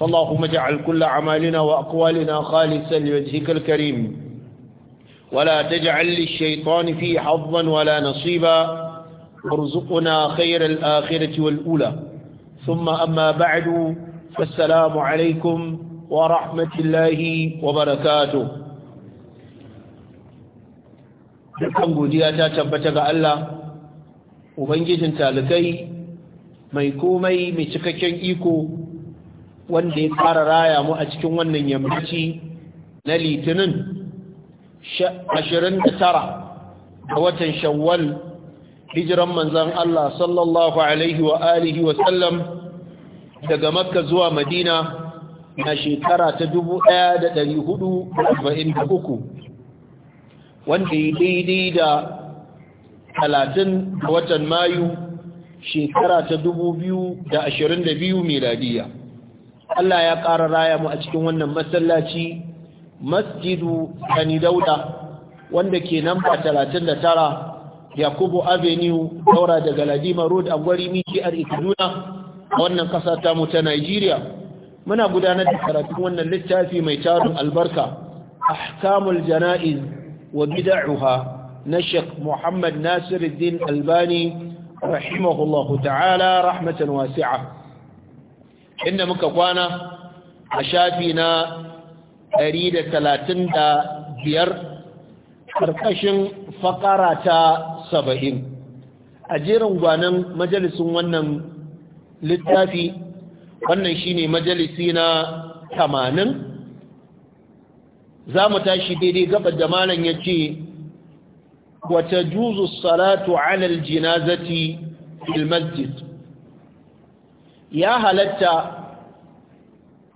فاللهم اجعل كل عمالنا وأقوالنا خالصا لوجهك الكريم ولا تجعل للشيطان فيه حظا ولا نصيبا وارزقنا خير الآخرة والأولى ثم أما بعد فالسلام عليكم ورحمة الله وبركاته dukkan godiya ta tabbata ga Allah ubangijin talikai mai komai mai cikakken iko wanda ya ƙara raya mu a cikin wannan yammaci na litinin 29 ga watan shawwal hijiran manzan Allah sallallahu alaihi wa alihi wa sallam daga makka zuwa madina na shekara ta 1443 wanda ya daidai da 30 ga watan mayu shekara ta 2022 miladiya Allah ya ƙara raya mu a cikin wannan masallaci masjidu Kani Dauda wanda ke talatin da tara, Yakubu Avenue daura daga Galadima Road a gwari Miki a Kaduna a wannan ƙasa ta mu ta Nigeria muna gudanar da karatun wannan littafi mai tarin albarka ahkamul jana'iz wa bid'uha na Sheikh Muhammad Nasiruddin Albani rahimahullahu ta'ala rahmatan wasi'a inda muka kwana a shafi na 135 ƙarƙashin fakara ta 70 a jerin gwanan majalisun wannan littafi wannan shine majalisi na 80 za mu tashi daidai gabar da malam ya ce wata juzu salatu alal jinazati fil masjid ya halatta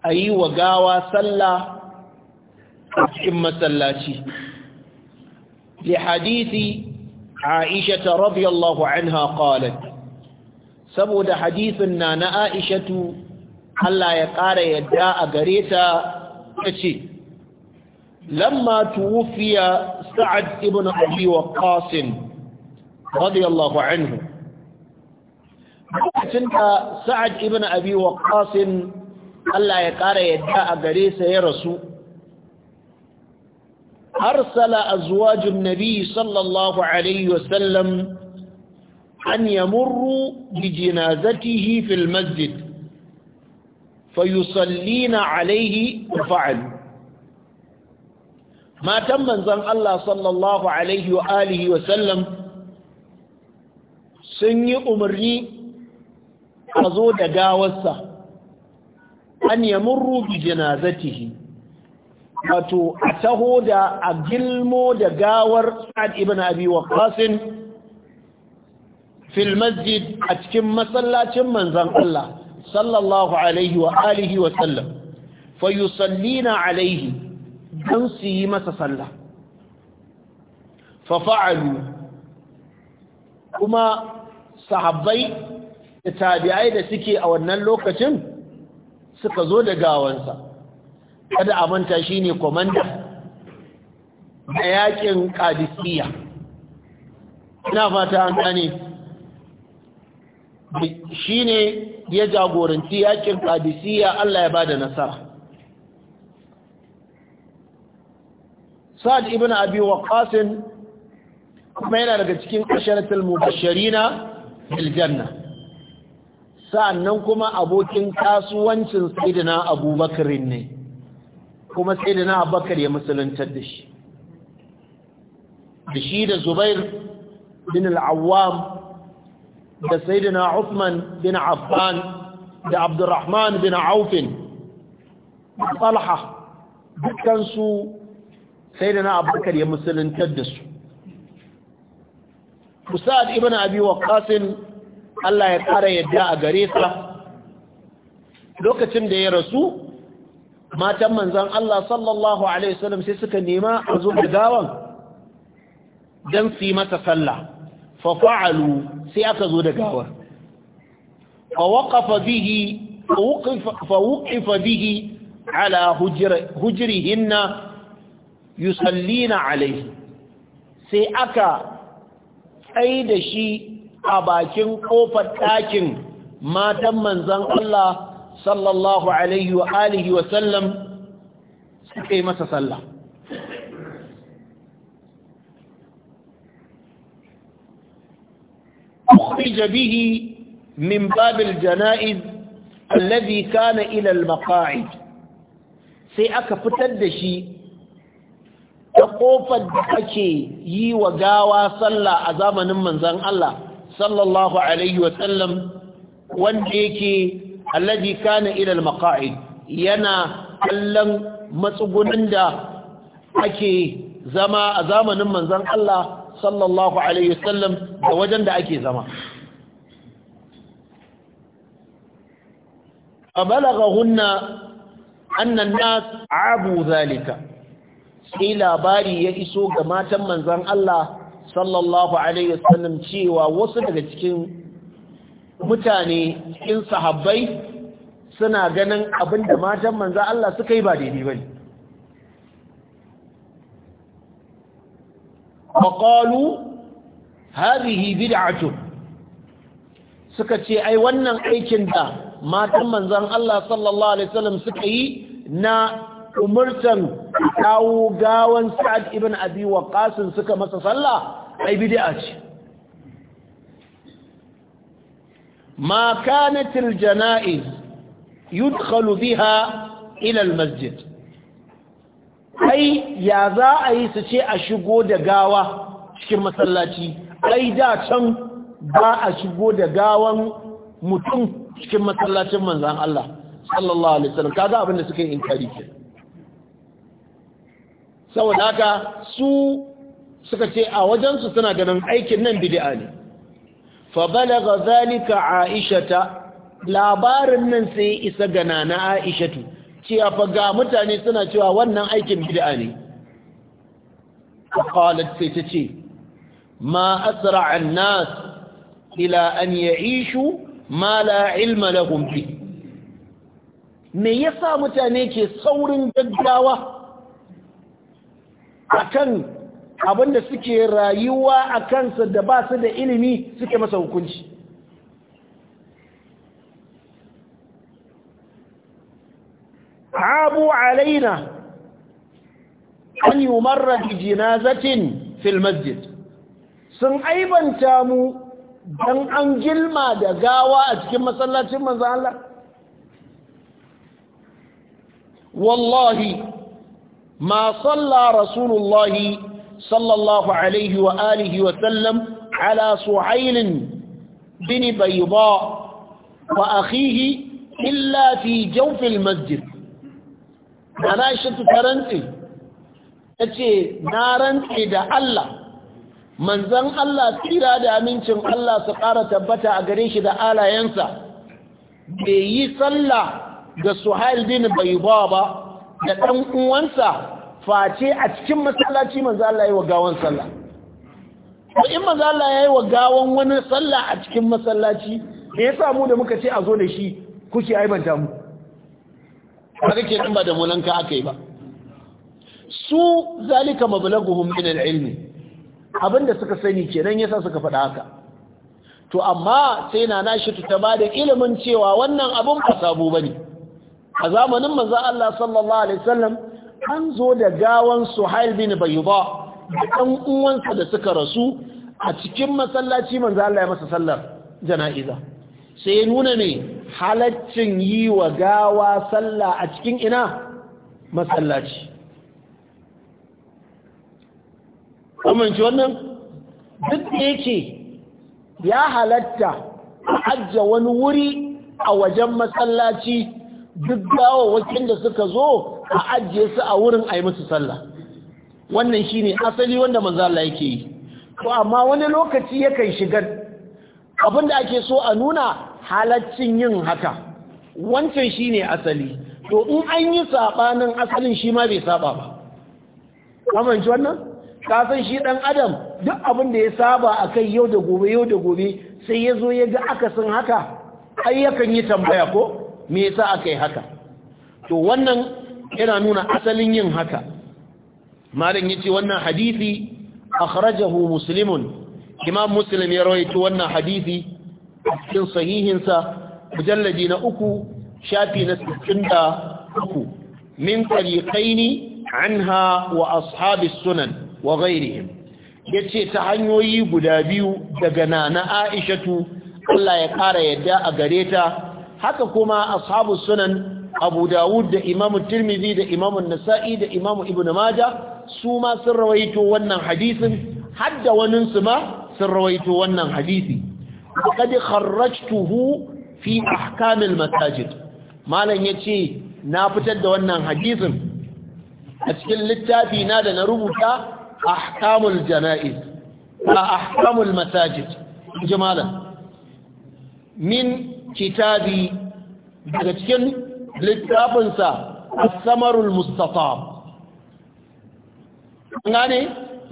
a yi wa gawa sallah a cikin masallaci li hadisi aisha ta radiyallahu anha qalat saboda hadisin na na aishatu Allah ya ƙara yadda a gare ta ta ce lamma tuwufiya sa'ad ibn abi waqqas radiyallahu anhu lokacin da sa'ad ibn abi waqqas Allah ya ƙara yadda a gare sa ya rasu arsala azwajun nabi sallallahu alaihi wasallam an yamurru bi jinazatihi fil masjid فيصلين عليه فعل ما تم منزل الله صلى الله عليه وآله وسلم sun yi umarni a zo da gawarsa an yamurru bi janazatihi wato a taho da a gilmo da gawar sa'ad ibn abi waqqas fil masjid a cikin masallacin manzon Allah sallallahu alaihi wa alihi wa sallam fayusallina alaihi dan su yi masa sallah fa fa'alu kuma sahabbai da tabi'ai da suke a wannan lokacin suka zo da gawansa kada a manta shine komanda A yakin kadisiya ina fata an gane shine ya jagoranci yakin kadisiya Allah ya bada nasara Sa'ad ibn Abi Waqqas kuma yana daga cikin asharatul mubashirina bil janna sa'annan kuma abokin kasuwancin sayyidina abubakar ne kuma sayyidina abubakar ya musuluntar da shi da shi da zubair bin al'awam da sayyidina Usman bin affan da abdurrahman bin aufin falha dukansu sayyidina abubakar ya musuluntar da su Musa'ad ibn Abi Waqqas Allah ya ƙara yadda a gare sa lokacin da ya rasu matan manzan Allah sallallahu alaihi wasallam sai suka nema a zo da gawan don su yi mata sallah fa sai aka zo da gawar fa waqafa bihi ala wuqifa bihi yusallina alaihi sai aka tsaye da shi a bakin kofar ɗakin matan manzan Allah sallallahu alaihi wa alihi wa sallam suka yi masa sallah أخرج به من باب الجنائز الذي كان إلى المقاعد سيأك فتدشي ta ƙofar da ake yi wa gawa sallah a zamanin manzan Allah sallallahu alaihi wasallam wanda yake alladhi kana ila almaqa'id yana kallon matsugunin da ake zama a zamanin manzon Allah sallallahu alaihi wasallam da wajen da ake zama فبلغهن أن الناس عابوا Zalika, sai labari ya iso ga matan manzan Allah sallallahu alaihi wasallam cewa wasu daga cikin mutane cikin sahabbai suna ganin abinda matan manzo Allah suka yi ba daidai bane faqalu hadhihi bid'atu suka ce ai wannan aikin da matan manzon Allah sallallahu alaihi wasallam suka yi na umurtan kawo gawan sa'ad ibn abi waqas suka masa sallah ai bid'a ce ma kanat aljana'iz yudkhalu biha ila almasjid ai ya za a yi su ce a shigo da gawa cikin masallaci ai da can ba a shigo da gawan mutum cikin masallacin manzan Allah sallallahu alaihi wasallam kaga abin da suke inkari kenan saboda haka su suka ce a wajensu suna ganin aikin nan bid'a ne fa balagha zalika aishata labarin nan sai isa ga nana aishatu cewa fa ga mutane suna cewa wannan aikin bid'a ne qalat sai ta ce ma asra'a annas ila an ya'ishu ma la ilma lahum bi me yasa mutane ke saurin gaggawa akan abin da suke rayuwa a kansa da ba su da ilimi suke masa hukunci abu alaina an yi umarra jinazatin sun aibanta mu don an gilma da gawa a cikin masallacin manzan Allah wallahi ما صلى رسول الله صلى الله عليه وآله وسلم على سعيل بن بيضاء وأخيه إلا في جوف المسجد أنا عائشة ترنتي أتي نارا إذا الله manzan Allah tsira da amincin Allah su ƙara tabbata a gare shi da alayensa bai yi sallah ga suhail bin bai ba da ɗan uwansa face a cikin masallaci manzo Allah ya wa gawan sallah ko in manzo Allah ya yi wa gawan wani sallah a cikin masallaci me yasa mu da muka ce a zo da shi kuke aibanta mu ba kake nan ba da mulanka akai ba su zalika mablaguhum min al-ilmi abinda suka sani kenan yasa suka faɗa haka to amma sai na nashi ta bada ilimin cewa wannan abun ba sabo bane a zamanin manzon Allah sallallahu alaihi wasallam an zo da gawan Suhail bin Bayyuba ɗan uwansa da suka rasu a cikin masallaci manzon Allah ya masa sallar jana'iza sai nuna ne halaccin yi wa gawa sallah a cikin ina masallaci amince wannan duk da yake ya halatta a wani wuri a wajen masallaci duk gawawakin da suka zo a ajiye su a wurin a yi musu sallah wannan shi ne asali wanda manzala Allah yake yi to amma wani lokaci yakan shiga abinda ake so a nuna halaccin yin haka wancan shi ne asali to in an yi sabanin asalin shi ma bai saba ba kamanci wannan ka san shi ɗan adam duk abin da ya saba a kai yau da gobe yau da gobe sai ya zo ya ga akasin haka ai yakan yi tambaya ko me yasa aka yi haka to wannan yana nuna asalin yin haka malam yace wannan hadisi akhrajahu muslimun imam muslim ya rawaito wannan hadisi cikin sahihinsa mujalladi na uku shafi na 63 min tariqaini anha wa ashabi sunan wa ghairihim yace ta hanyoyi guda biyu daga nana aishatu Allah ya kara yadda a gare ta haka kuma ashabu sunan abu dawud da imamu tirmidhi da imamu nasa'i da imamu ibnu maja su ma sun rawaito wannan hadisin hadda wanin su ma sun rawaito wannan hadisi qad kharrajtuhu fi ahkam al Malam malan yace na fitar da wannan hadisin a cikin littafi na da na rubuta ahkamul janaiz a ahkamul masajid jamalan min kitabi daga cikin littafinsa samarul mustatab gane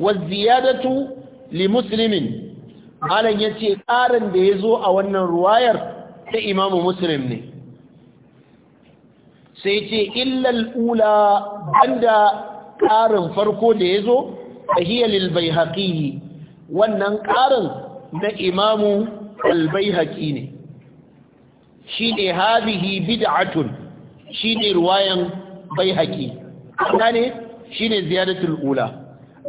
waziyadatu li muslimin malan yace karin da yazo a wannan ruwayar ta imamu muslim ne sai ce illa ula banda karin farko da yazo hiya lil bayhaqi wannan karin na imamu al-bayhaqi ne shi ne habihi bid'atun shine riwayan ne shi ne ziyadatul ula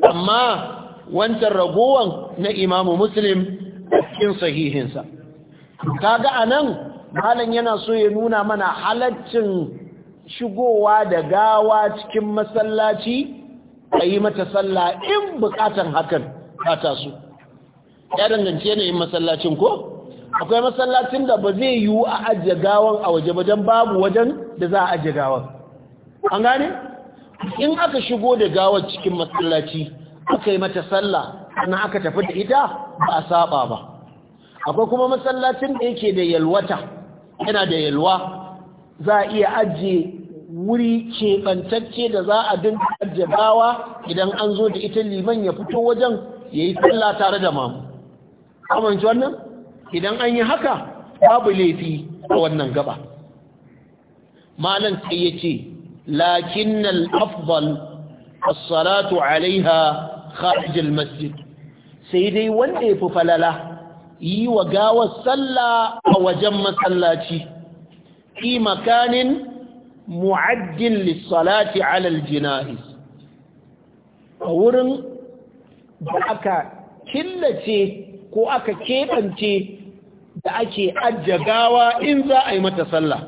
amma wancan ragowan na imamu muslim cikin sahihinsa kaga anan malam yana so ya nuna mana halaccin shigowa da gawa cikin masallaci a yi mata sallah in bukatan hakan ta su ya dangance yanayin masallacin ko? akwai masallacin da ba zai yiwu a ajiye gawan a waje wajen babu wajen da za a ajiye gawan an gane in aka shigo da gawar cikin masallaci aka yi mata sallah na aka tafi da ita ba a saba ba akwai kuma masallacin da yake da yalwata yana da yalwa za a iya ajiye wuri keɓantacce da za a din ajiye gawa idan an zo da ita liman ya fito wajen ya yi sallah tare da mamu amince wannan idan an yi haka babu laifi a wannan gaba malam sai ya ce lakin al'afdal as-salatu alaiha kharij masjid sai dai wanda ya fi falala yi wa gawar sallah a wajen masallaci fi makanin mu'addin lissalati alal jina'iz a wurin da aka killace ko aka keɓance da ake ajjagawa in za a yi mata sallah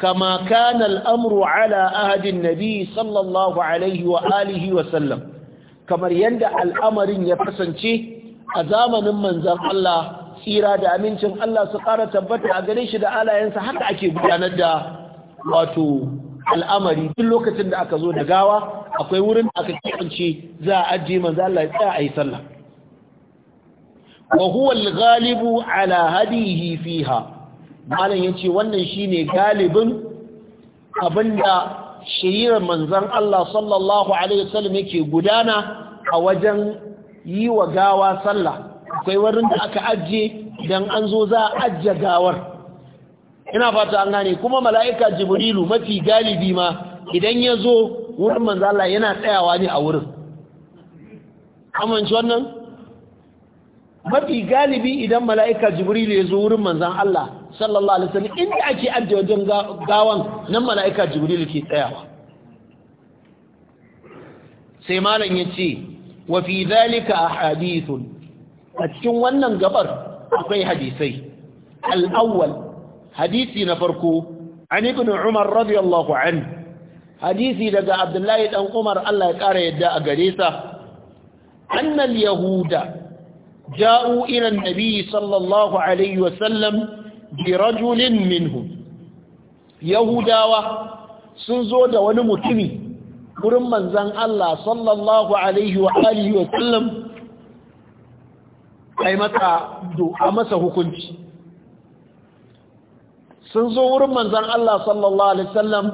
kama kana al'amru ala ahadin nabi sallallahu alaihi wa alihi wa sallam kamar yadda al'amarin ya kasance a zamanin manzan Allah tsira da amincin Allah su ƙara tabbata a gare shi da alayensa haka ake gudanar da wato al'amari duk lokacin da aka zo da gawa akwai wurin da aka kebance za a ajiye manzan Allah ya tsaya a yi sallah wa الغالب على ghalibu فيها fiha malam yace wannan shine galibin abinda shiriyar manzon Allah sallallahu alaihi wasallam yake gudana a wajen yi wa gawa sallah akwai wurin da aka ajje idan an zo za a ajje gawar ina fata an gane kuma mala'ika jibrilu mafi galibi ma idan yazo wurin manzon Allah yana tsayawa ne a wurin amince wannan mafi galibi idan mala'ika jibril ya zo wurin manzan Allah sallallahu alaihi wasallam inda ake ajiye wajen gawan nan mala'ika jibril ke tsayawa sai malam ya wa fi dhalika ahadithun a cikin wannan gabar akwai hadisai al-awwal hadisi na farko an ibn umar radiyallahu an hadisi daga abdullahi dan umar Allah ya kara yadda a gare sa annal yahuda جاءوا إلى النبي صلى الله عليه وسلم برجل منهم يهودا سنزو دا ونمتمي قرما زن الله صلى الله عليه وآله وسلم قيمة دو أمسه wurin manzan Allah sallallahu Alaihi wasallam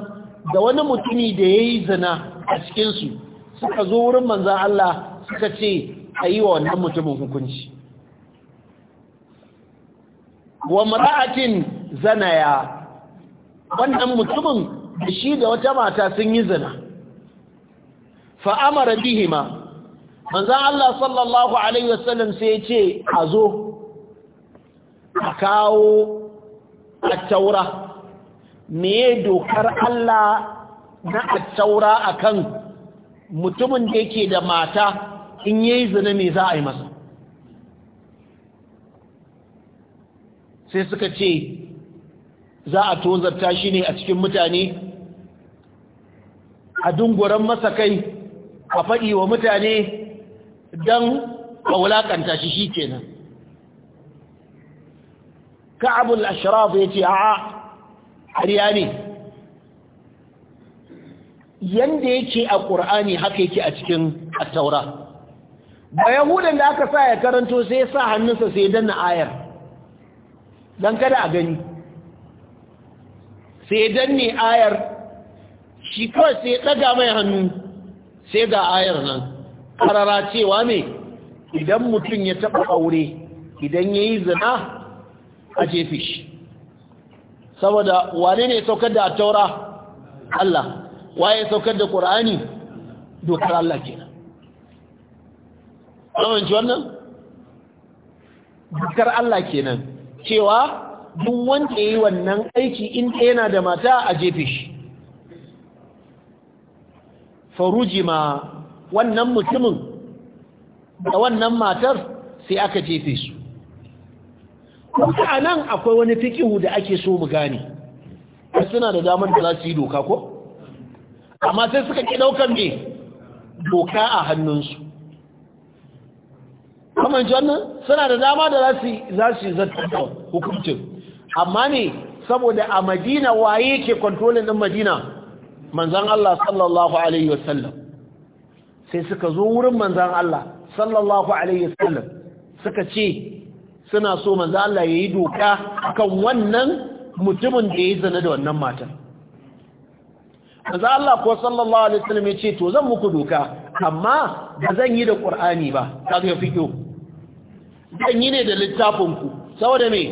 da wani mutumi da ya yi zina a cikinsu suka zo wurin manzan Allah suka ce a yi wa wannan mutumin hukunci wa mara'atin zanaya wannan mutumin shi da wata mata sun yi zina fa'amara bihima manzan Allah sallallahu Alaihi wasallam sai ya ce a zo a kawo a taura meye dokar Allah na a taura a kan mutumin da yake da mata in yayi zina me za a yi masa sai suka ce za a tozarta shi ne a cikin mutane a dunguran masa kai a faɗi wa mutane don a wulaƙanta shi shi kenan ka'abul ashraf ya ce a Ariya ne yanda yake a ƙur'ani haka yake a cikin attaura ba yahudan da aka sa ya karanto sai ya sa hannunsa sai ya danna ayar don kada a gani sai ya danne ayar shi kawai sai ya ɗaga mai hannu sai ga ayar nan Karara cewa ne idan mutum ya taba aure idan ya yi zina a jefi shi saboda wane ne saukar da taura Allah waye saukar da ƙur'ani dokar Allah kenan amince wannan dukkan Allah kenan cewa duk wanda yi wannan aiki in yana da mata a jefe shi ma wannan mutumin da wannan matar sai aka jefe su kuka a nan akwai wani fikihu da ake so mu gane suna da damar da za su yi doka ko amma sai suka ki daukan ne doka a hannunsu kamanci wannan suna da dama da za su yi zartar hukuncin amma ne saboda a madina waye ke kwantolin ɗin madina manzan Allah sallallahu Alaihi wasallam sai suka zo wurin manzan Allah sallallahu Alaihi wasallam suka ce suna so manzan Allah ya yi doka kan wannan mutumin da ya zana da wannan matan manzan Allah ko sallallahu Alaihi wasallam ya ce to zan muku doka amma ba zan yi da ƙur'ani ba ta ga fiƙo zan yi ne da littafin ku? saboda me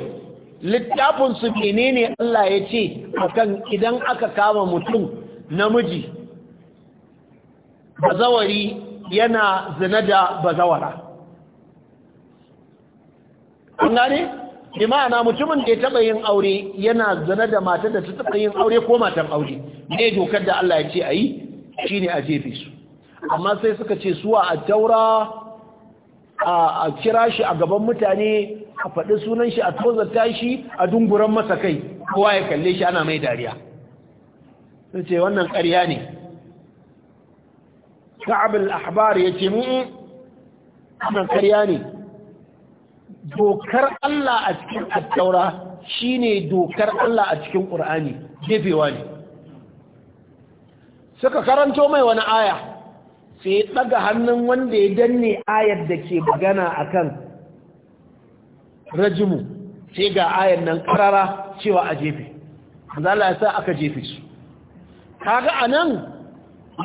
littafinsu menene Allah ya ce akan idan aka kama mutum namiji bazawari yana zina da bazawara an gane? Imana mutumin da ya taba yin aure yana zina da matar da ta taɓa yin aure ko matan aure ne dokar da Allah ya ce a yi shi ne a jefe su amma sai suka ce suwa a taura a kira shi a gaban mutane a faɗi sunan shi a tozarta shi a dunguran masa kai kowa ya kalle shi ana mai dariya sun ce wannan ƙarya ne ka'ab al-ahbar ya ce mu'u wannan ƙarya ne dokar Allah a cikin attaura shine dokar Allah a cikin ƙur'ani jefewa ne suka karanto mai wani aya sai ya ɗaga hannun wanda ya danne ayar da ke magana a kan rajimu sai ga ayar nan karara cewa a jefe zala sa aka jefe su kaga anan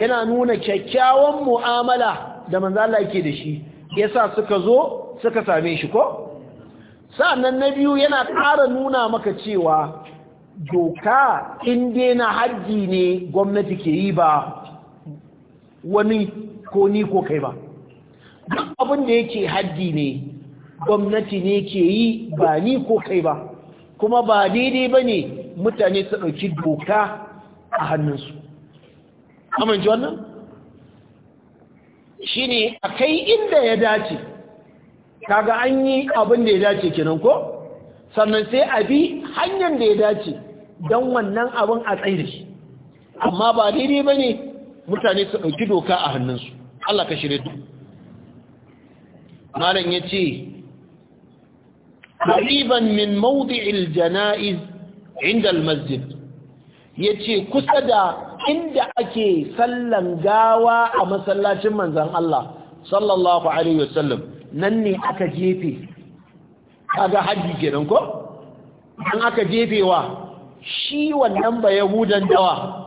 yana nuna kyakkyawan mu'amala da manzala ke da shi yasa suka zo suka same shi ko sa'annan na biyu yana ƙara nuna maka cewa doka inda na haji ne gwamnati ke yi ba wani ko ni ko kai ba duk abin da yake haddi ne gwamnati ne ke yi ba ni ko kai ba kuma ba daidai ba ne mutane su ɗauki doka a hannunsu amince wannan shi ne a kai inda ya dace kaga an yi abin da ya dace kenan ko sannan sai a bi hanyar da ya dace don wannan abin a tsaye da shi amma ba daidai ba ne mutane su ɗauki doka a hannunsu Allah ka duk malam ya ce ƙariban min mawdi'il jana'iz inda almasjid ya ce kusa da inda ake sallan gawa a masallacin manzan Allah sallallahu alaihi wasallam nan ne aka jefe kaga haji kenan ko an aka jefewa shi wannan ba yahudan dawa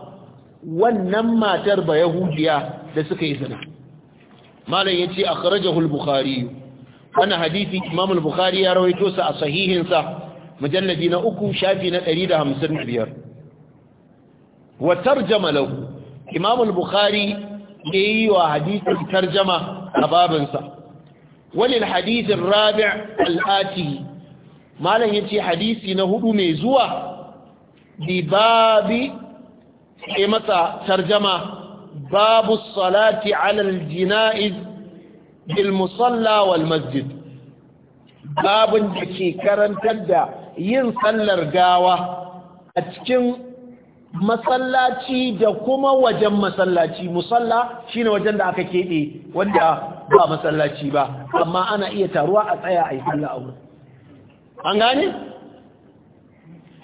wannan matar ba yahudiya da suka yi zina malam yace akhrajahu al-bukhari wannan hadisi imam al-bukhari ya rawaito sa a sahihinsa sa mujalladi na uku shafi na 155 wa tarjama lahu imam al-bukhari yi wa hadisin tarjama a babin walil hadith rabi al-ati malam yace hadisi na hudu mai zuwa bi babi ya masa tarjama babu salati alal jina'iz bil musalla wal masjid babun da ke karantar da yin sallar gawa a cikin masallaci da kuma wajen masallaci musalla shine wajen da aka keɓe wanda ba masallaci ba amma ana iya taruwa a tsaya a yi sallah a an gane?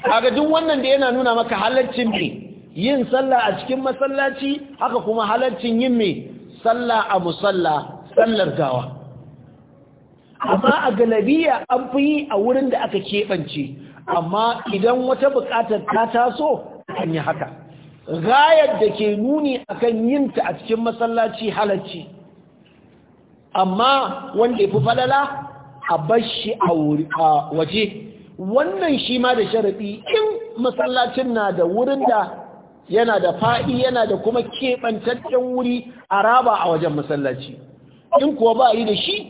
kaga duk wannan da yana nuna maka halaccin ne yin sallah a cikin masallaci haka kuma halarcin yin mai sallah a musalla sallar gawa amma a galabiya an fi yi a wurin da aka keɓance amma idan wata buƙatar ta taso an yi haka gayar da ke nuni akan yinta a cikin masallaci halarci amma wanda ya fi falala a bashi a waje wannan shi ma da sharaɗi in masallacin na da wurin da yana da faɗi yana da kuma keɓantaccen wuri a raba a wajen masallaci in kuwa ba yi da shi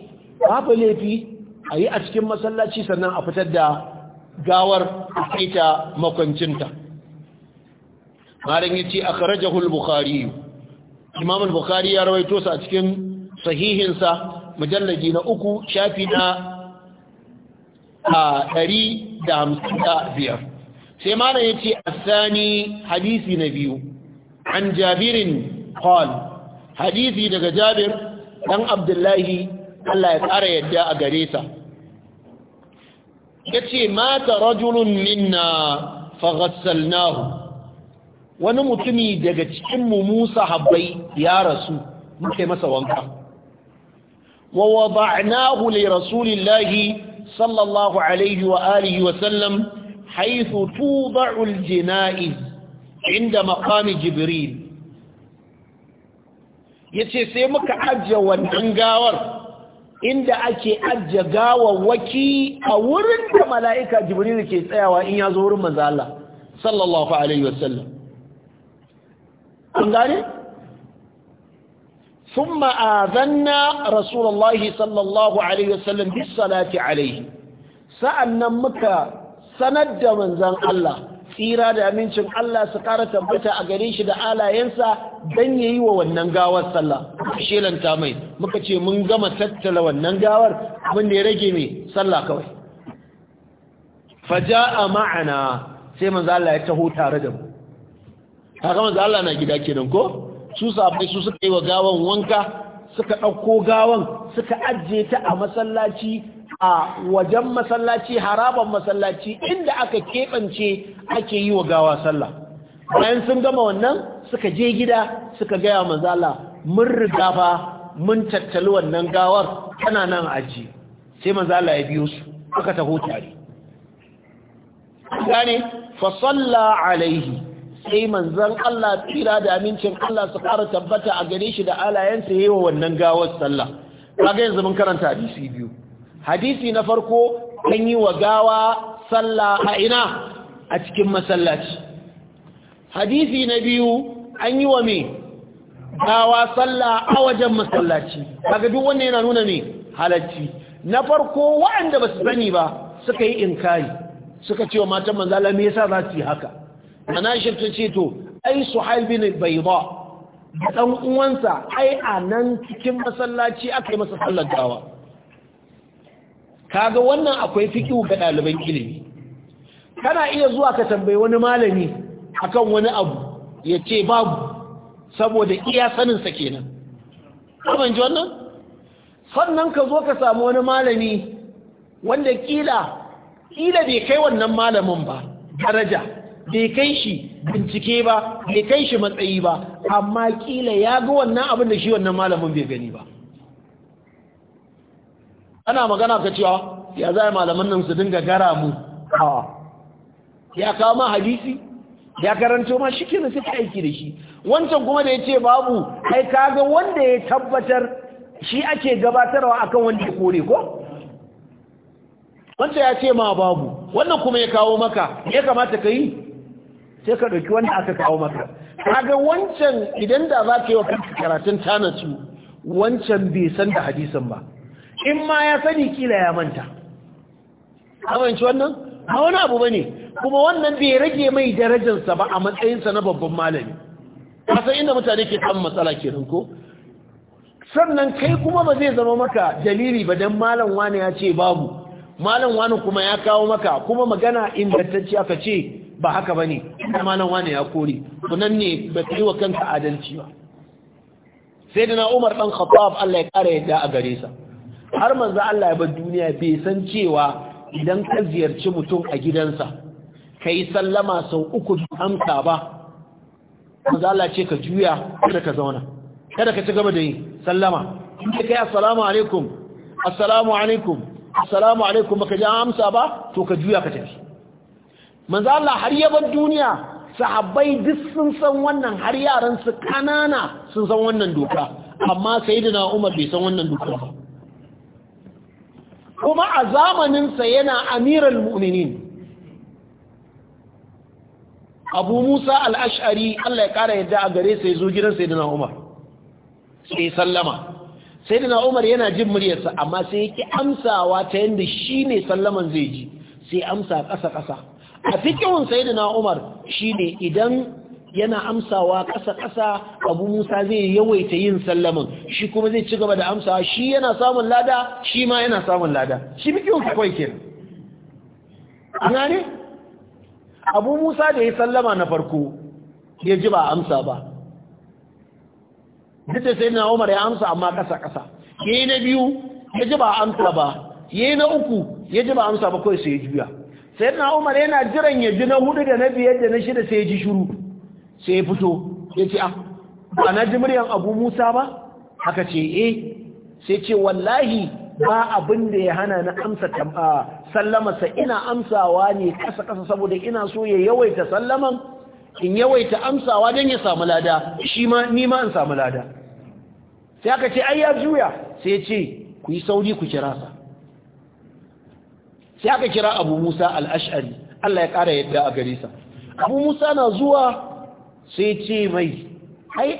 babu laifi a yi a cikin masallaci sannan a fitar da gawar a kaita makwancinta malam ya ce a karajahul Imam imamul bukhari ya rawaito sa a cikin sahihinsa mujallaji na uku shafi na a 155 sai mana ya ce asani hadisi na biyu an jabirin Kwal hadisi daga jabir dan abdullahi Allah ya ƙara yadda a gare sa yace mata rajulun minna faghassalnahu wani mutumi daga cikin mu Musa habbai ya rasu muke masa wanka wa wada'nahu li rasulillahi sallallahu alaihi wa alihi wa sallam حيث توضع الجنائز عند مقام جبريل yace sai muka ajiye wannan gawar inda ake ajiye gawawwaki a wurin da mala'ika jibril ke tsayawa in ya zo wurin manzo Allah sallallahu alaihi wasallam an gane ثم آذنا رسول الله صلى الله عليه وسلم alaihi عليه سألنا مكة sanar da manzan Allah tsira da amincin Allah su ƙara tabbata a gare shi da alayensa don ya yi wa wannan gawar sallah shelanta mai muka ce mun gama tattala wannan gawar abin da ya rage mai sallah kawai faja a ma'ana sai manzan Allah ya taho tare da mu haka manzan Allah na gida kenan ko su sabai su suka yi wa gawan wanka suka ɗauko gawan suka ajiye ta a masallaci a wajen masallaci haraban masallaci inda aka keɓance ake yi wa gawa sallah bayan sun gama wannan suka je gida suka gaya mazala mun riga fa mun tattali wannan gawar tana nan aji sai mazala ya biyo su suka taho tare gane fa salla alaihi sai manzan Allah tsira da amincin Allah su ƙara tabbata a gare shi da ya yi wa wannan gawar sallah kaga yanzu mun karanta hadisi biyu hadisi na farko an yi wa gawa sallah a ina a cikin masallaci hadisi na biyu an yi wa me gawa sallah a wajen masallaci kaga duk wannan yana nuna me? halacci na farko waɗanda ba su sani ba suka yi inkari suka ce wa matan manzala me yasa za su yi haka Mana shirta ce to ai suhail bin bayda dan uwansa ai a nan cikin masallaci aka yi masa sallar gawa kaga wannan akwai fikihu ga ɗaliban ilimi kana iya zuwa ka tambayi wani malami akan wani abu ya ce babu saboda iya sa kenan kuma ji wannan sannan ka zo ka samu wani malami wanda kila kila bai kai wannan malamin ba daraja bai kai shi bincike ba bai kai shi matsayi ba amma kila ya ga wannan abin da shi wannan malamin bai gani ba ana magana ka cewa ya zai malaman nan su dinga gara mu ya kawo ma hadisi ya karanto ma shi ne sai aiki da shi wancan kuma da ya ce babu kai kaga wanda ya tabbatar shi ake gabatarwa akan wanda ya kore ko wancan ya ce ma babu wannan kuma ya kawo maka ya kamata ka yi sai ka ɗauki wanda aka kawo maka kaga wancan idan da za ka yi wa karatun tanatu wancan bai san da hadisin ba in ma ya sani kila ya manta ci wannan A wani abu bane kuma wannan bai rage mai darajarsa ba a matsayinsa na babban malami kasan inda mutane ke kan matsala kenan ko sannan kai kuma ba zai zama maka dalili ba don malam wani ya ce babu malam wani kuma ya kawo maka kuma magana ce aka ce ba haka ba ne. bane malam wani ya kore kunan ne ba yi wa kanka adalci ba sai da na umar ɗan khattab Allah ya ƙara yadda a gare sa har manzo Allah ya bar duniya bai san cewa idan ka ziyarci mutum a gidansa kai sallama sau uku amsa ba manzo Allah ce ka juya kada ka zauna kada ka ci gaba da yi sallama in ka kai assalamu alaikum assalamu alaikum assalamu alaikum baka ji amsa ba to ka juya ka tafi manzo Allah har ya bar duniya sahabbai duk sun san wannan har yaran su kanana sun san wannan doka amma sayyidina Umar bai san wannan doka ba kuma a zamaninsa yana amiran mu'minin abu musa al'ash'ari allah ya ƙara yadda a gare sai zo gidan sai dina umar sai sallama sai dina umar yana jin muryarsa amma sai yake amsawa ta yadda shi ne sallaman zai ji sai amsa ƙasa-ƙasa a fikin sai dina umar shi ne idan yana amsawa ƙasa-ƙasa abu musa zai yawaita yin sallamin shi kuma zai ci gaba da amsawa shi yana samun lada shi ma yana samun lada shi bikin kawai ke gane abu musa da ya sallama na farko ya ji ba amsa ba duk da sai na umar ya amsa amma ƙasa-ƙasa ya yi na biyu ya ji ba amsa ba ya yi na uku ya ji ba amsa ba kawai sai ya juya sayyidina umar yana jiran ya ji na hudu da na biyar da na shida sai ya ji shuru sai ya fito ya ce ah, ba na ji muryan abu musa ba haka ce eh sai ce wallahi ba abin da ya hana na amsa sallamarsa ina amsawa ne kasa kasa saboda ina so ya yawaita sallaman in yawaita amsawa don ya samu lada shi ma ni ma in samu lada sai aka ce ai ya juya sai ce ku yi sauri ku kira sa sai aka kira abu musa al'ash'ari Allah ya ƙara yadda a gare sa abu musa na zuwa sai ce mai ai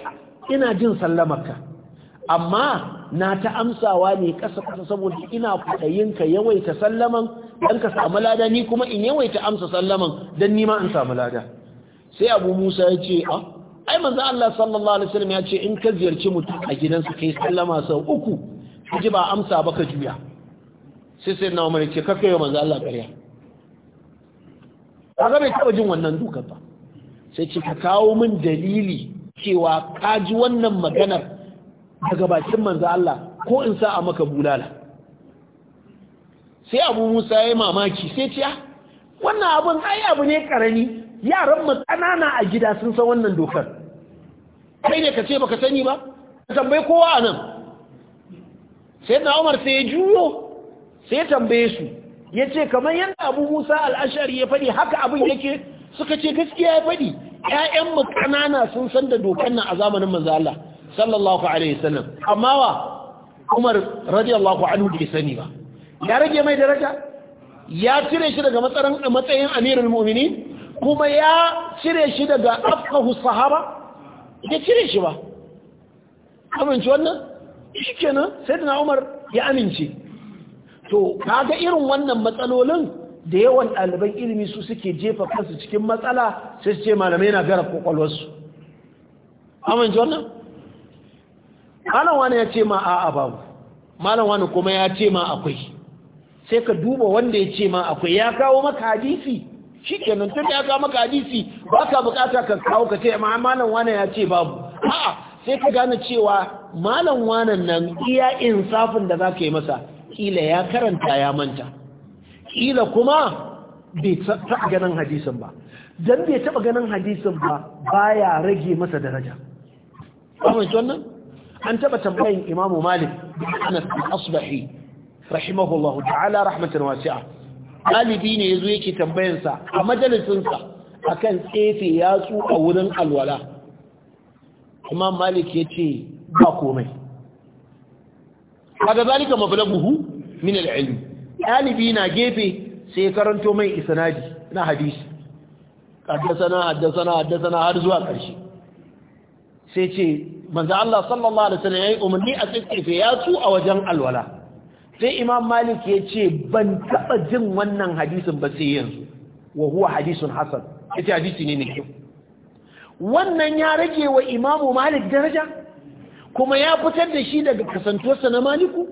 ina jin sallamarka amma na ta amsawa ne kasa kasa saboda ina kwaɗayin ka yawaita sallaman don ka samu lada ni kuma in yawaita amsa sallaman don nima in samu lada sai abu musa ya ce a ah, ai manzo Allah sallallahu alaihi wasallam ya ce in ka ziyarci mutum a gidansa kai sallama sau uku ji ba amsa ba ka juya sai sai na umar ce kakai wa manzo Allah kariya kaga bai taba jin wannan dukan ba sai ce ka kawo min dalili cewa ka ji wannan maganar daga bakin manzo Allah ko in sa a maka bulala sai abu musa ya mamaki sai ce ah, wannan abin ai abu ne karami yaran mu kanana a gida sun san wannan dokar kai ne ka ce baka sani ba ka tambaye kowa a nan sai na umar sai ya juyo sai ya tambaye su Yace ce kamar yadda abu musa al'ashari ya faɗi haka abin yake suka ce gaskiya ya faɗi mu kanana sun san da dokan nan a zamanin manzo Allah sallallahu alaihi wasallam amma wa Umar radiyallahu anhu bai sani ba ya rage mai daraja ya cire shi daga matsayin amirul mu'minin kuma ya cire shi daga afkahu sahaba ya cire shi ba amince wannan Shikenan? sai da umar ya amince to kaga irin wannan matsalolin da yawan ɗaliban ilimi su suke jefa kansu cikin matsala sai su ce malamai na gara kwakwalwarsu amin ji wannan malam wani ya ce ma a'a babu malam wani kuma ya ce ma akwai sai ka duba wanda ya ce ma akwai ya kawo maka hadisi shi kenan tun ya kawo maka hadisi ba ka bukata ka kawo ka ce ma malam wani ya ce babu a'a sai ka gane cewa malam Wani nan iya insafin da za ka yi masa kila ya karanta ya manta ƙila kuma bai taɓa ganin hadisin ba don bai taɓa ganin hadisin ba baya rage masa daraja amince wannan an taɓa tambayin imamu malik ana asbahi rahimahullahu ta'ala rahmatan wasi'a ɗalibi ne yazo yake tambayansa a majalisinsa akan tsefe yatsu a wurin alwala imam malik ya ce ba komai kaga zalika mablaguhu min al ɗalibi na gefe sai karanto mai isanadi na hadisi haddasana haddasana haddasana har zuwa ƙarshe sai ce manzo Allah sallallahu alaihi wasallam yayi umarni a tsikirfe ya tu a wajen alwala sai Imam Malik ya ce ban taba jin wannan hadisin ba sai yanzu wa huwa hadisun hasan yace hadisi ne ne wannan ya rage wa imamu Malik daraja kuma ya fitar da shi daga kasantuwarsa na Maliku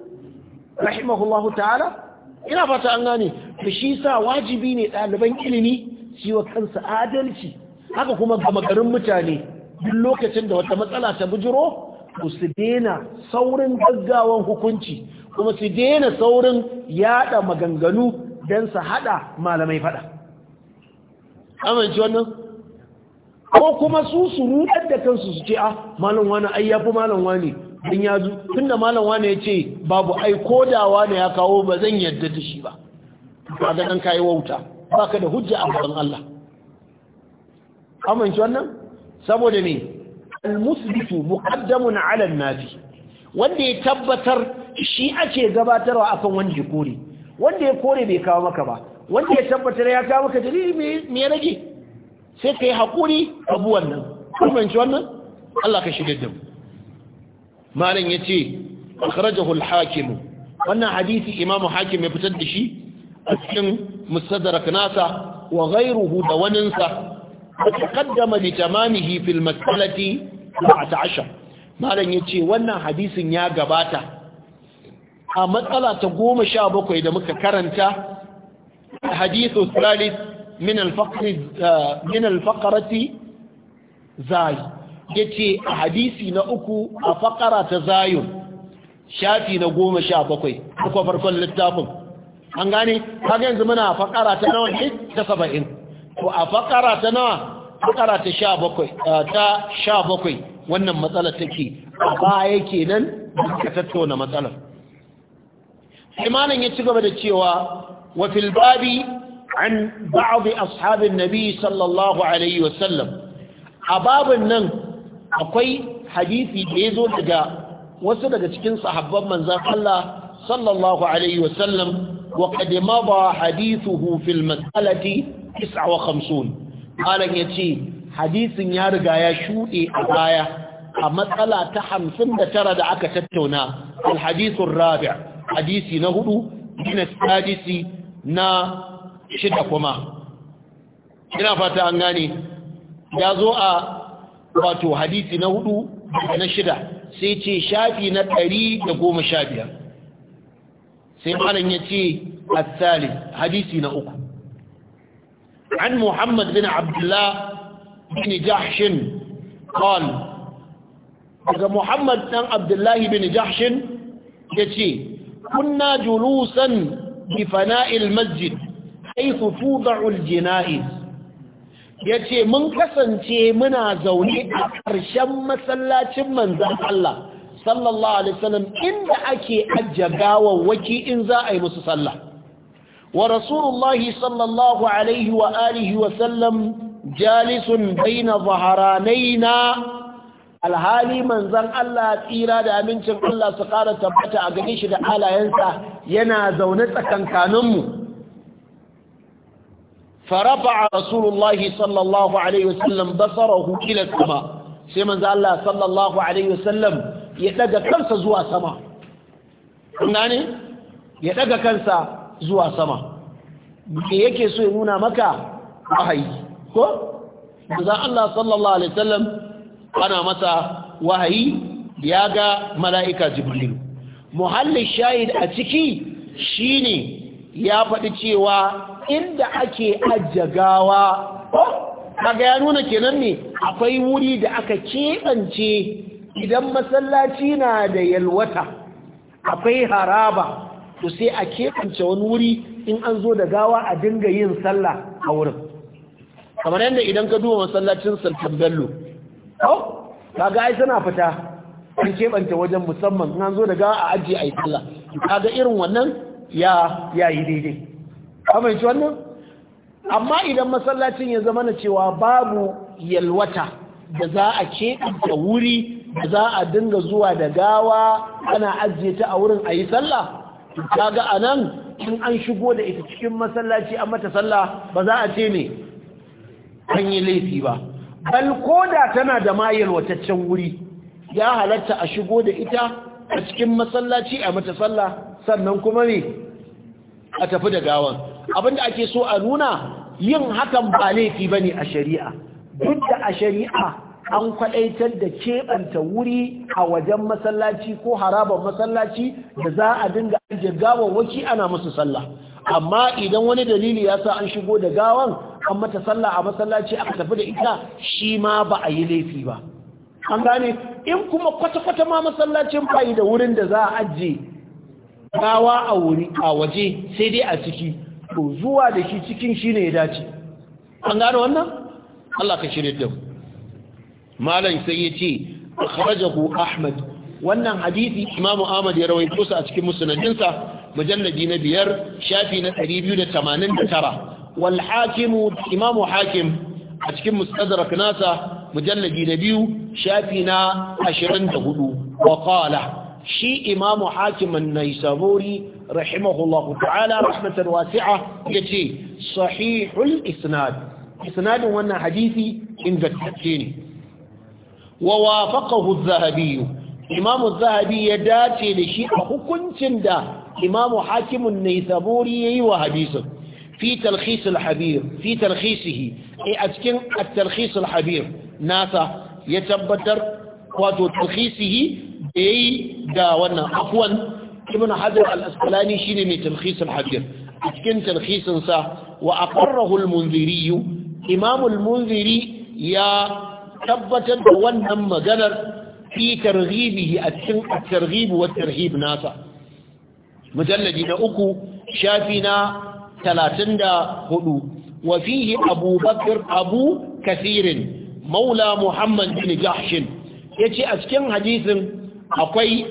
rahimahullahu ta'ala ina fata an gane to shi sa wajibi ne ɗaliban ilimi shi wa kansa adalci haka kuma gama garin mutane duk lokacin da wata matsala ta bujiro ku su daina saurin gaggawan hukunci kuma su daina saurin yada maganganu don su hada malamai fada amince wannan ko kuma su su rudar da kansu su ce ah malam wani ai malam wani don ya zo tunda da malam wane ya ce babu ai ko da ya kawo ba zan yarda da shi ba ba ga dan kai wauta ba da hujja a gaban Allah amince wannan saboda ne al-musbitu muqaddamun ala nafi wanda ya tabbatar shi ake gabatarwa akan wanda ya kore wanda ya kore bai kawo maka ba wanda ya tabbatar ya kawo maka dalili me ya rage sai ka hakuri haƙuri abu wannan amince wannan Allah ka shigar da mu malam yace akhrajahu al-hakim wannan hadisi imamu hakim ya fitar da shi a cikin musaddarak nasa wa ghayruhu da waninsa taqaddama li tamamihi fil mas'alati 17 malam yace wannan hadisin ya gabata a matsala ta 17 da muka karanta hadithu thalith min al min al-faqrati zai ya ce a hadisi na uku a fakara ta zayon shafi na goma sha bakwai uku farkon littafin an gane kaga yanzu a fakara ta nawa ne ta saba'in ko a fakara ta nawa fakara ta sha bakwai ta sha bakwai wannan matsalar take a baya kenan ka tattauna matsalar imanin ya ci gaba da cewa wa fil babi an ba'd ashabin nabi sallallahu alaihi wasallam a babin nan akwai hadisi da ya zo daga wasu daga cikin sahabban manzan Allah sallallahu alaihi wasallam wa qad mada hadithuhu fil mas'alati 59 malan yace hadisin ya riga ya shude a baya a matsala ta 59 da aka tattauna al hadithu rabi' hadisi na hudu min sadisi na shida kuma ina fata an gane ya zo a wato hadisi na hudu da na shida sai ce shafi na ɗari da goma sha biyar sai malam ya ce asali hadisi na uku an muhammad bin abdullah bin jahshin qal daga muhammad dan abdullahi bin jahshin ya ce kunna julusan bi fana'il masjid haythu tuda'u al-jana'iz ya ce mun kasance muna zaune a ƙarshen masallacin manzan Allah sallallahu alaihi inda ake ajja waki in za a yi musu sallah wa rasulullahi sallallahu alaihi wa alihi wa sallam jalisun alhali manzan Allah tsira da amincin Allah su ƙara tabbata a ganin shi da alayensa yana zaune tsakankaninmu فرفع رسول الله صلى الله عليه وسلم بصره إلى السماء سيما الله صلى الله عليه وسلم يتلقى كنسا زوا سماء يعني يتلقى كنسا زوا سماء yake so ya nuna maka wahayi ko za Allah sallallahu alaihi wasallam ana masa wahayi ya ga mala'ika jibril muhallin shahid a ciki shine ya faɗi cewa inda ake ajagawa kaga ya nuna kenan ne akwai wuri da aka keɓance idan masallaci na da yalwata akwai haraba to sai a keɓance wani wuri in an zo da gawa a dinga yin sallah a wurin kamar yadda idan ka duba masallacin sultan bello kaga ai suna fita an keɓance wajen musamman in an zo da gawa a ajiye a yi sallah kaga irin wannan ya yi daidai amince wannan amma idan masallacin ya zama na cewa babu yalwata da za a da wuri da za a dinga zuwa da gawa ana ajiye ta a wurin a yi sallah ga a nan cin an shigo da ita cikin masallaci a mata sallah ba za a ce ne an yi laifi ba bal ko da tana da ma yalwataccen wuri ya halatta a shigo da ita a cikin masallaci a mata sallah sannan kuma ne a tafi da gawan abinda ake so a nuna yin hakan ba laifi bane a shari'a duk da a shari'a an kwaɗaitar da keɓanta wuri a wajen masallaci ko harabar masallaci da za a dinga ajiye waki ana musu sallah amma idan wani dalili ya sa an shigo da gawan an mata sallah a masallaci aka tafi da ita shi ma ba a yi laifi ba an gane in kuma kwata-kwata ma masallacin fayi da wurin da za a ajiye gawa a wuri a waje sai dai a ciki to zuwa da shi cikin shi ne ya dace an gano wannan Allah ka shirya da malam sai ya ce akhrajahu ahmad wannan hadisi imam ahmad ya rawaito sa a cikin musnadinsa mujalladi na biyar shafi na 289 wal hakimu imam hakim a cikin mustadrak nasa mujalladi na biyu shafi na 24 wa qala shi imamu hakimin naisaburi rahimahullahu ta'ala rahmatan wasi'a yace sahihul isnad isnadin wannan hadisi ingantacce ne wa wafaqahu adh-dhahabi imamu adh-dhahabi ya dace da shi a hukuncin da imamu hakimin naisaburi yayi wa hadisin fi talkhis al fi talkhisihi e, a cikin at-talkhis al-habir nasa ya tabbatar wato talkhisihi da yi da wannan afwan ibn hajar al-asqalani shine mai talkhis al a cikin talkhisin sa wa aqarrahu al-munziri imam al-munziri ya tabbatar da wannan maganar fi targhibihi a cikin at-targhib wa tarhib nasa mujalladi na uku shafi na 34 wa fihi abu bakr abu kathirin maula muhammad bin jahsh yace a cikin hadisin akwai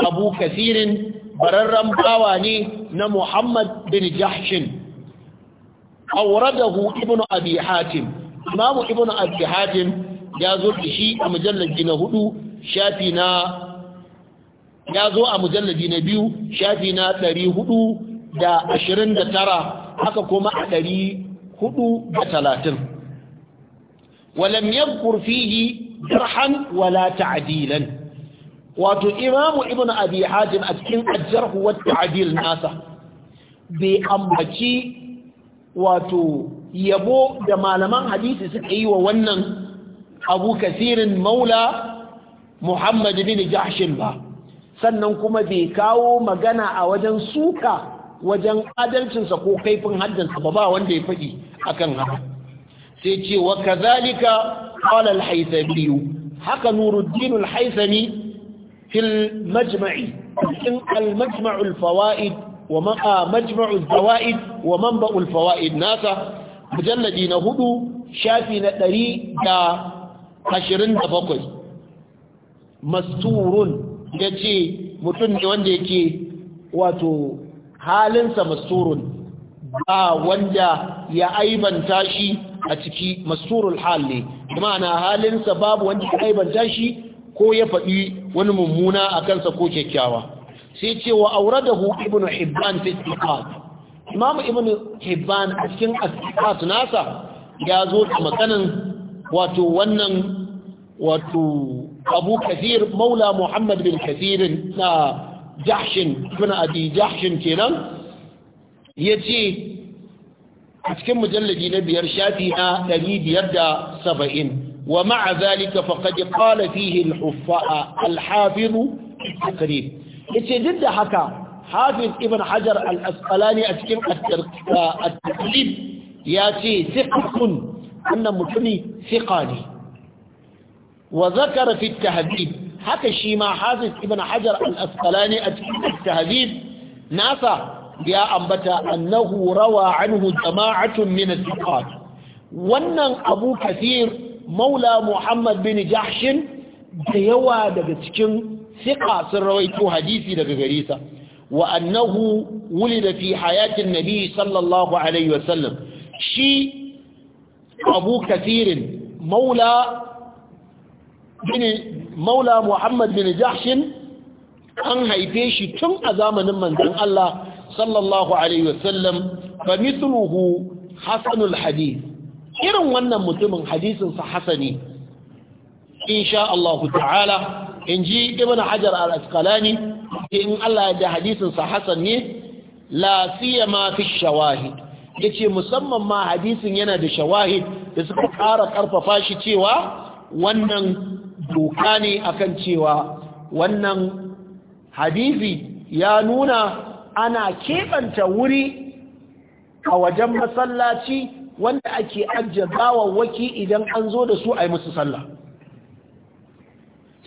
abu kasirin bararren bawa ne na muhammad bin jahshin auradahu ibnu abi hatim imamu ibnu abi hatim ya zo shi a mujallaji na hudu shafi na ya zo a mujallaji na biyu shafi na ɗari hudu da ashirin da tara haka kuma a ɗari hudu da talatin walam yankur fihi jarhan wala ta'dilan wato imamu ibn abi hajim a cikin ajjarhu wa ta'dil nasa bai ambaci wato yabo da malaman hadisi suka yi wa wannan abu kasirin maula muhammad bin jahshin ba sannan kuma bai kawo magana a wajen suka wajen adalcinsa ko kaifin haddansa ba ba wanda ya faɗi akan haka sai ce wa kazalika qala al haka nuruddin al fil majma'i cikin majmaul fawaid wa ma'a majma'ul zawaid fawaid nasa mujalladi na hudu shafi na ɗari da ashirin da bakwai masturun ya ce mutum ne wanda yake wato halinsa masturun ba wanda ya aibanta shi a ciki masturul hal ne ma'ana halinsa babu wanda ya aibanta shi ko ya faɗi wani mummuna a kansa ko kyakkyawa sai cewa auradahu ibnu hibban fi istiqat imam ibnu hibban a cikin istiqat nasa ya zo da maganan wato wannan wato abu kathir maula muhammad bin kathir na jahshin ibn abi jahshin kenan ce a cikin mujalladi na biyar shafi na 570 ومع ذلك فقد قال فيه الحفاء الحافظ التقريب يتجد حكا حافظ ابن حجر الأسقلاني أتكلم التقريب ياتي ثقة أن متني ثقاني وذكر في التهذيب حكى الشيما حافظ ابن حجر الأسقلاني أتكلم التهذيب ناسا يا أنبتا أنه روى عنه جماعة من الثقات وأن أبو كثير maula muhammad bin jahshin da yawa daga cikin siƙa sun rawaito hadisi daga gare sa wa annahu wulida fi hayatin nabi sallallahu alaihi wasallam shi abu kathirin maula bin maula muhammad bin jahshin an haife shi tun a zamanin manzon Allah sallallahu alaihi wasallam fa mithluhu hasanul hadith irin wannan mutumin hadisinsa hasani insha Allah ta'ala in ji ibn hajar al Askalani, in Allah ya da hadisinsa hasan ne la siyama fi shawahid yace musamman ma hadisin yana da shawahid da suka ƙara ƙarfafa shi cewa wannan doka ne akan cewa wannan hadisi ya nuna ana keɓanta wuri a wajen masallaci wanda ake ajiye gawawwaki idan an zo da su a yi musu sallah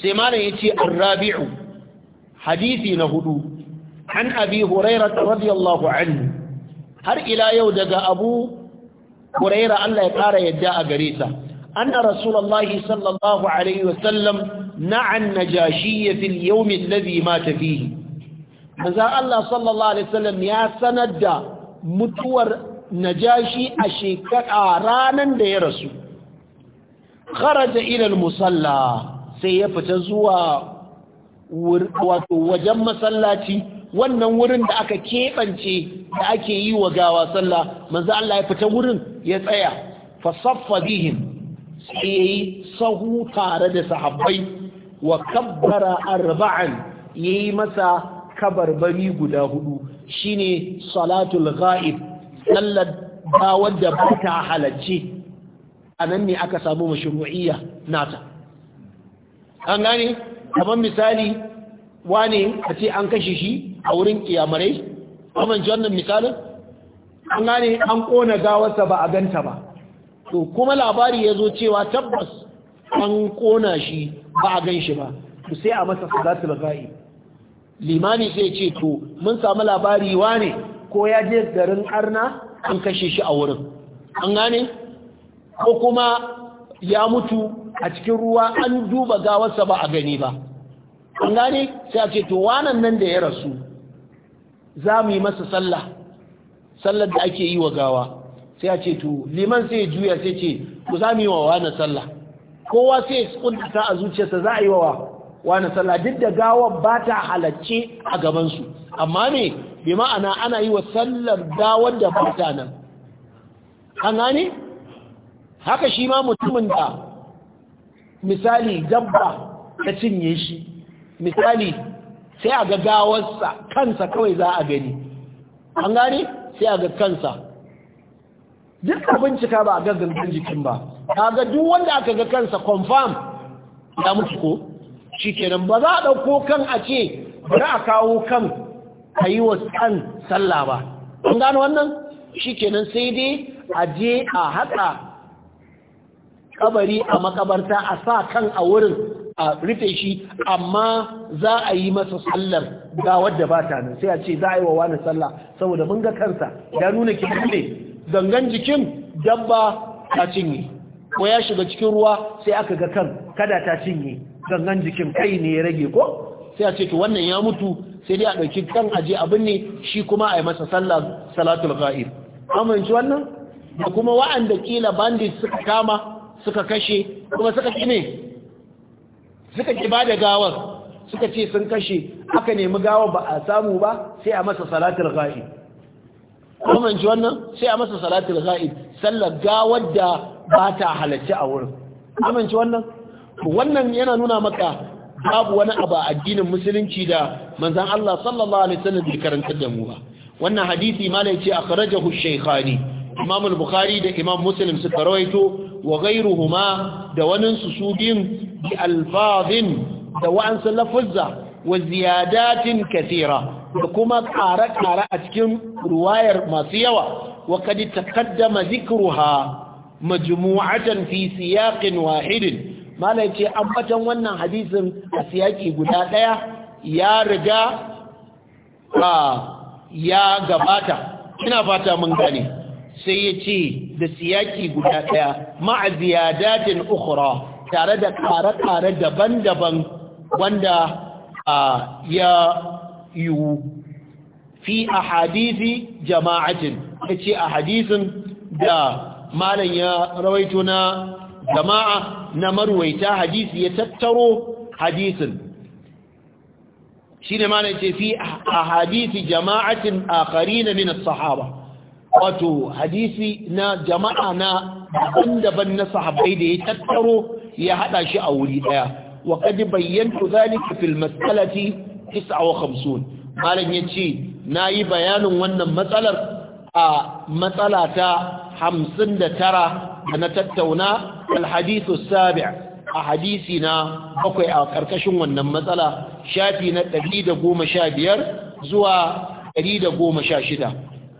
sai malam ya ce arrabi'u hadisi na hudu an abi huraira radiyallahu anhu har ila yau daga abu huraira Allah ya ƙara yadda a gare ta anna rasulullahi sallallahu alaihi wasallam na'an najashiyya fil yawm alladhi mata fihi manzo Allah sallallahu alaihi wasallam ya sanar da mutuwar najashi a shekara ranar da ya rasu kharaja ilal musalla sai ya fita zuwa wato wajen masallaci wannan wurin da aka keɓance da ake yi wa gawa sallah manzo Allah ya fita wurin ya tsaya fa saffa bihim sai yayi sahu tare da sahabbai wa kabbara arba'an yayi masa kabarbari guda hudu shine salatul ghaib sallar ba wadda ba ta halarci a nan ne aka samu mashuru'iyya nata an gane kamar misali wane a ce an kashe shi a wurin kiyamarai ji wannan misalin an gane an kona gawarsa ba a ganta ba to kuma labari ya zo cewa tabbas an kona shi ba a gan shi ba to sai a masa salatul za'i. limani sai ce to mun samu labari wane ko ya je garin arna an kashe shi a wurin an gane ko kuma ya mutu a cikin ruwa an duba gawarsa ba a gani ba an gane sai a ce to wanan nan da ya rasu za mu yi masa sallah sallar da ake yi wa gawa sai a ce to liman sai ya juya sai ce ku za mu yi wa wani sallah kowa sai ya tsuntata a zuciyarsa za a yi wa wani sallah duk da gawar ba ta halacce a gabansu amma ne bi ma'ana ana yi wa sallar gawar da ba nan an gani haka shi ma mutumin da misali dabba ta cinye shi misali sai a ga gawarsa kansa kawai za a gani an gani sai a ga kansa duk bincika ba a gaggan jikin ba kaga duk wanda aka ga kansa confirm ya mutu ko shi kenan ba za a ɗauko kan a ce za a kawo kan a yi wa kan sallah ba an gano wannan shi kenan sai dai a je a haɗa ƙabari a makabarta a sa kan a wurin a rufe shi amma za a yi masa sallar ga wadda ba ta nan sai a ce za a yi wa wani sallah saboda mun ga kansa ya nuna ki ne gangan jikin dabba ta cinye ko ya shiga cikin ruwa sai aka ga kan kada ta cinye gangan jikin kai ne ya rage ko sai a ce to wannan ya mutu sai dai a ɗauki kan aje abin ne shi kuma a yi masa sallah salatul ghaib amince wannan da kuma wa'anda kila bandit suka kama suka kashe kuma suka ne suka ki bada gawar suka ce sun kashe aka nemi gawar ba a samu ba sai a masa salatul ghaib amince wannan sai a masa salatul ghaib sallar gawar da ba ta halarci a wurin amince wannan wannan yana nuna maka babu wani abu a addinin musulunci da manzon Allah sallallahu alaihi wasallam bai karantar da mu ba wannan hadisi malai ce akhrajahu shaykhani imam al-bukhari da imam muslim suka rawaito wa ghayruhuma da wanin su su biyun bi alfazin da wa'ansu lafuzza wa ziyadatin kathira da kuma ƙara-ƙara a cikin ruwayar masu yawa wa kadi taqaddama zikruha majmu'atan fi siyaqin wahidin malai ce ambatan wannan hadisin a siyaki guda ɗaya ya riga ya gabata ina fata mun gane sai ya ce da siyaki guda ɗaya ma'aziya ziyadatin ukura. tare da ƙare-ƙare daban-daban wanda ya yiwu fi a hadisi jama'atin ya ce a hadisin da malam ya rawaito na jama'a na marwaita hadisi ya tattaro hadisin shine ma ce fi ahadisi jama'atin akharin min as-sahaba wato hadisi na jama'a na daban-daban na sahabbai da ya tattaro ya hada shi a wuri daya wa qad bayyantu zalika fil mas'alati 59 malam yace nayi bayanin wannan matsalar a matsala ta 59 da na tattauna alhadithu sabi' a hadisi na bakwai a karkashin wannan matsala shafi na ɗari da goma sha biyar zuwa ɗari da 116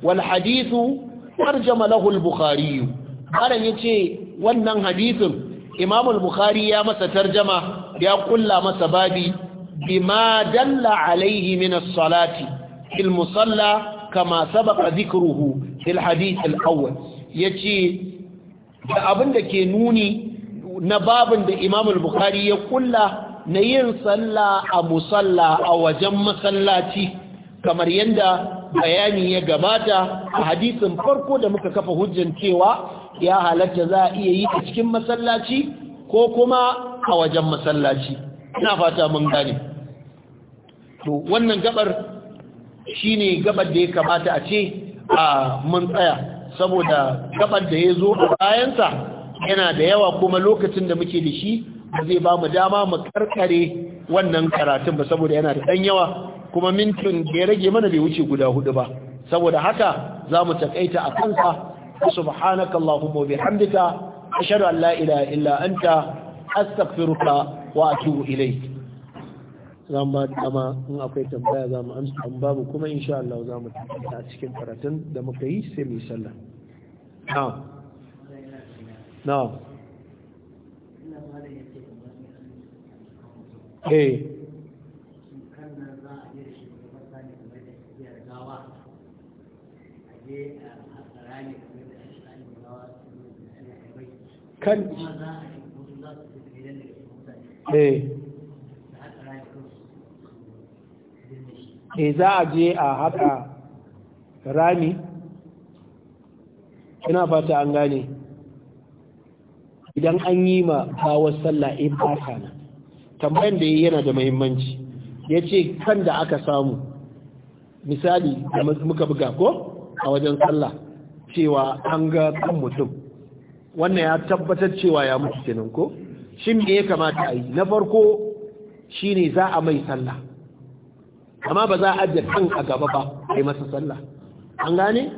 wal hadithu tarjama lahu al-bukhari malam yace wannan hadisin Imam bukhari ya masa tarjama ya kulla masa babi bima dalla alaihi min as-salati fil musalla kama sabaqa dhikruhu fil hadith al-awwal yace da abin da ke nuni na babin da imam al-bukhari ya kulla na yin sallah a musalla a wajen masallaci kamar yadda bayani ya gabata a hadisin farko da muka kafa hujjan cewa ya halatta za a iya yi a cikin masallaci ko kuma a wajen masallaci ina fata mun gane to wannan gabar shine gabar da ya kamata a ce a mun tsaya saboda gabar da ya zo a bayansa yana da yawa kuma lokacin da muke da shi zai ba mu dama mu karkare wannan karatun ba saboda yana da ɗan yawa kuma mintin da ya rage mana bai wuce guda hudu ba saboda haka za mu taƙaita a kansa subhanaka allahumma wa bihamdika ashhadu an la ilaha illa anta astaghfiruka wa atubu ilayk za mu ba dama in akwai tambaya za mu amsa an babu kuma insha Allah za mu tafiya a cikin karatun da muka yi sai mu yi sallah na'am na'am eh kan E za a je a haka rami ina fata an gane idan an yi ma hawar sallah in bata na tambayan da yana da mahimmanci. ya ce kan da aka samu misali da muka buga ko a wajen sallah cewa an ga kan mutum wannan ya tabbatar cewa ya mutu kenan ko shin me ya kamata a yi na farko shi ne za a mai sallah amma ba za a ajiye kan a gaba ba a yi masa sallah an gane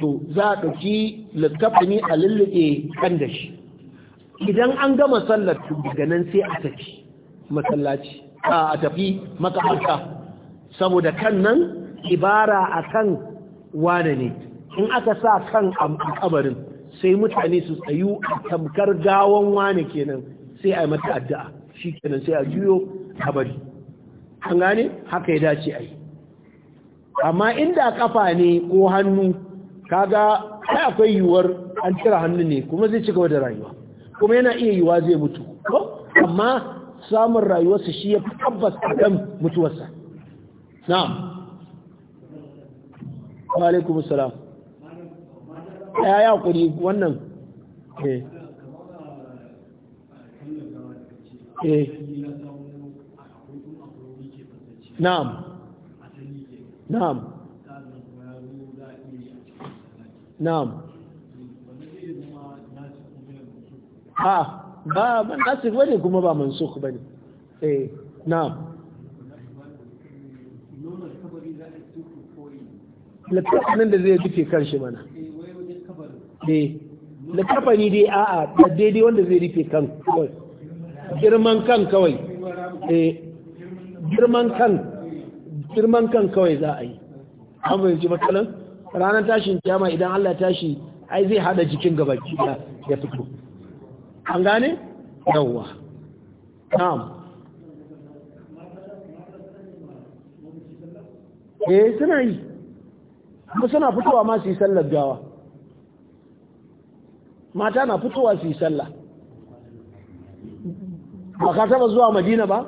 to za a ɗauki littafi ne a lullube kan da shi idan an gama sallar daga nan sai a tafi masallaci a tafi makabarta saboda kan nan ibara a kan wane ne in aka sa kan a kabarin sai mutane su tsayu a tamkar gawan wane kenan sai a yi mata addu'a shi kenan sai a juyo kabari an gane haka ya dace a yi amma inda kafa ne ko hannu kaga ai akwai yiwuwar an cire hannu ne kuma zai ci gaba da rayuwa kuma yana iya yiwuwa zai mutu amma samun rayuwarsa shi ya fi tabbas a kan mutuwarsa na'am wa alaikum salam ya ya kuri wannan eh eh na'am na'am na'am ha ba ban asif bane kuma ba bane eh na'am da zai rufe kanshi mana eh dai a'a da daidai wanda zai rufe kan kawai girman kan kawai eh girman kan girman kan kawai za a yi an fahimci matsalan ranar tashin kyama idan Allah tashi ai zai hada jikin gaba da ya fito an gane yawwa tam eh suna yi kuma suna fitowa ma su yi sallar gawa mata na fitowa su yi sallah ba ka taba zuwa madina ba?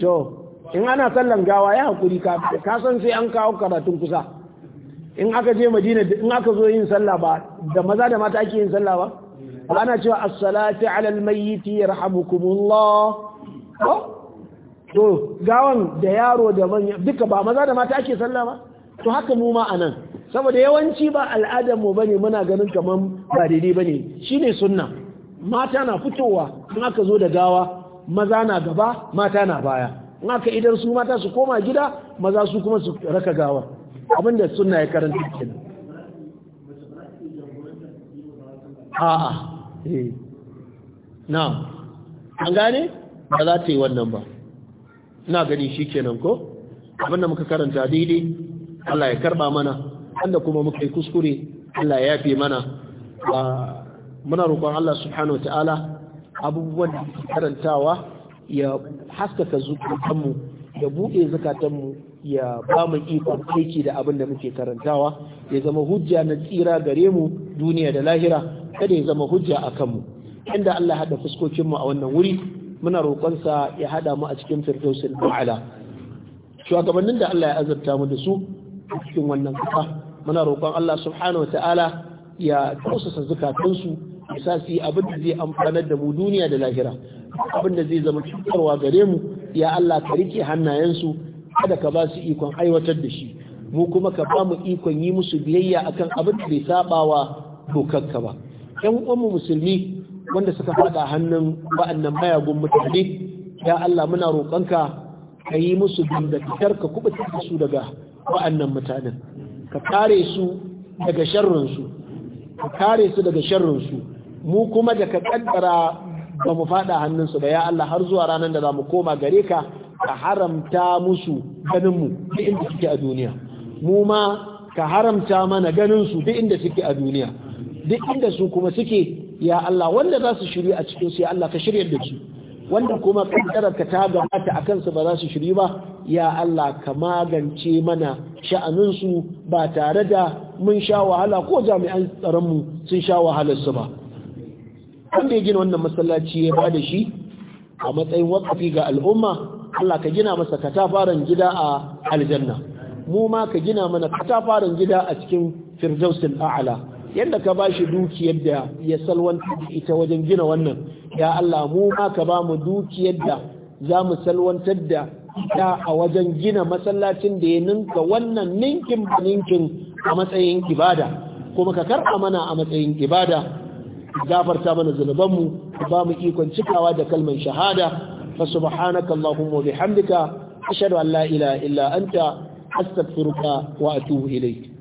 to in ana sallan gawa ya hakuri ka ka san sai an kawo karatun kusa in aka je madina in aka zo yin sallah ba da maza da mata ake yin sallah ba ana cewa as-salatu 'ala al-mayyit yarhamukumullah to gawan da yaro da manya duka ba maza da mata ake sallah ba to haka mu ma anan saboda yawanci ba al'adar mu bane muna ganin kaman ba daidai bane shine sunna mata na fitowa in aka zo da gawa maza na gaba mata na baya in idan su mata su koma gida maza su kuma su raka gawa abinda suna ya karanta kenan a'a a eh. na an gane ba za ta yi wannan ba ina gani shi kenan ko abinda muka karanta daidai Allah ya karba mana wanda kuma muka yi kuskure Allah ya fi mana muna roƙon Allah subhanahu wa ta'ala abubuwan karantawa ya haskaka zukatanmu ya buɗe zukatanmu ya ba mu ikon aiki da abin da muke karantawa ya zama hujja na tsira gare mu duniya da lahira kada ya zama hujja a kanmu inda Allah hada fuskokinmu a wannan wuri muna roƙonsa ya hada mu a cikin firdausin ma'ala shugabannin da Allah ya azabta mu da su a cikin wannan kafa muna roƙon Allah subhanahu wata'ala ya tausasa zukatansu ya sa su yi abin da zai amfanar da mu duniya da lahira abin da zai zama cutarwa gare mu ya Allah ka rike hannayensu kada ka ba su ikon aiwatar da shi mu kuma ka ba mu ikon yi musu biyayya akan abin da bai saba wa dokakka ba ƴan uwanmu musulmi wanda suka faɗa hannun wa'annan mayagun mutane ya Allah muna roƙonka ka yi musu dangantakar ka kubuta su daga wa'annan mutanen ka kare su daga sharrinsu ka kare su daga su mu kuma da ka kaddara ba mu fada hannunsu ba ya Allah har zuwa ranar da za mu koma gare ka ka haramta musu ganinmu duk inda suke a duniya mu ma ka haramta mana ganinsu duk inda suke a duniya duk inda su kuma suke ya Allah wanda za su shiryu a cikin su ya Allah ka shirya da su wanda kuma kaddarar ka ta gabata a kansu ba za su shiryu ba ya Allah ka magance mana sha'aninsu ba tare da mun sha wahala ko jami'an tsaronmu sun sha wahalarsu ba wanda ya gina wannan masallaci ya bada shi a matsayin wakafi ga al'umma Allah ka gina masa katafaren gida a aljanna mu ma ka gina mana katafaren gida a cikin firdausin a'ala yadda ka ba shi dukiyar da ya salwanta ita wajen gina wannan ya Allah mu ma ka ba mu dukiyar da za mu salwantar da ita a wajen gina masallacin da ya ninka wannan ninkin ba ninkin a matsayin ibada kuma ka karɓa mana a matsayin ibada gafarta mana zunubanmu ka ba mu ikon cikawa da kalmar shahada fa subhanaka allahumma wa bihamdika ashhadu an la ilaha illa anta astaghfiruka wa atubu ilayk